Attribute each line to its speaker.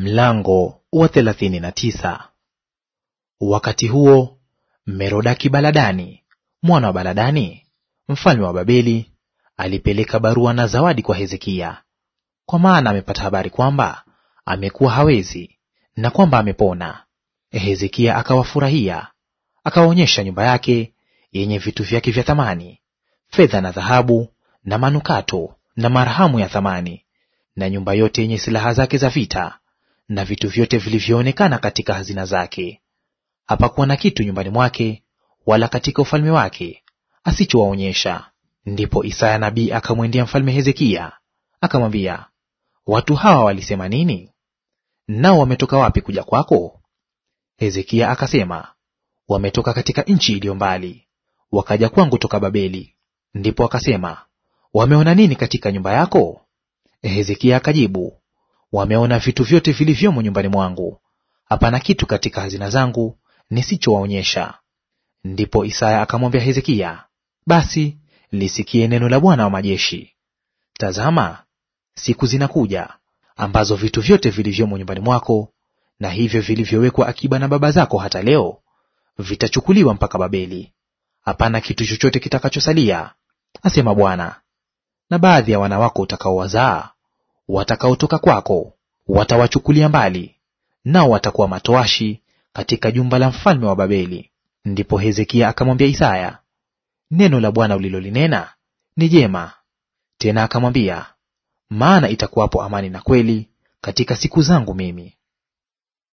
Speaker 1: Mlango wa tisa. Wakati huo Merodaki Baladani mwana wa Baladani mfalme wa Babeli alipeleka barua na zawadi kwa Hezekia, kwa maana amepata habari kwamba amekuwa hawezi na kwamba amepona. Hezekia akawafurahia, akawaonyesha nyumba yake yenye vitu vyake vya thamani, fedha na dhahabu na manukato na marhamu ya thamani, na nyumba yote yenye silaha zake za vita na vitu vyote vilivyoonekana katika hazina zake. Hapakuwa na kitu nyumbani mwake wala katika ufalme wake asichowaonyesha. Ndipo Isaya nabii akamwendea mfalme Hezekia akamwambia, watu hawa walisema nini? Nao wametoka wapi kuja kwako? Hezekia akasema, wametoka katika nchi iliyo mbali, wakaja kwangu toka Babeli. Ndipo akasema, wameona nini katika nyumba yako? Hezekia akajibu, Wameona vitu vyote vilivyomo nyumbani mwangu, hapana kitu katika hazina zangu nisichowaonyesha. Ndipo Isaya akamwambia Hezekia, basi lisikie neno la Bwana wa majeshi. Tazama, siku zinakuja ambazo vitu vyote vilivyomo nyumbani mwako na hivyo vilivyowekwa akiba na baba zako hata leo vitachukuliwa mpaka Babeli, hapana kitu chochote kitakachosalia, asema Bwana. Na baadhi ya wana wako utakaowazaa watakaotoka kwako watawachukulia mbali, nao watakuwa matoashi katika jumba la mfalme wa Babeli. Ndipo Hezekia akamwambia Isaya, neno la Bwana ulilolinena ni jema. Tena akamwambia, maana itakuwapo amani na kweli katika siku zangu mimi.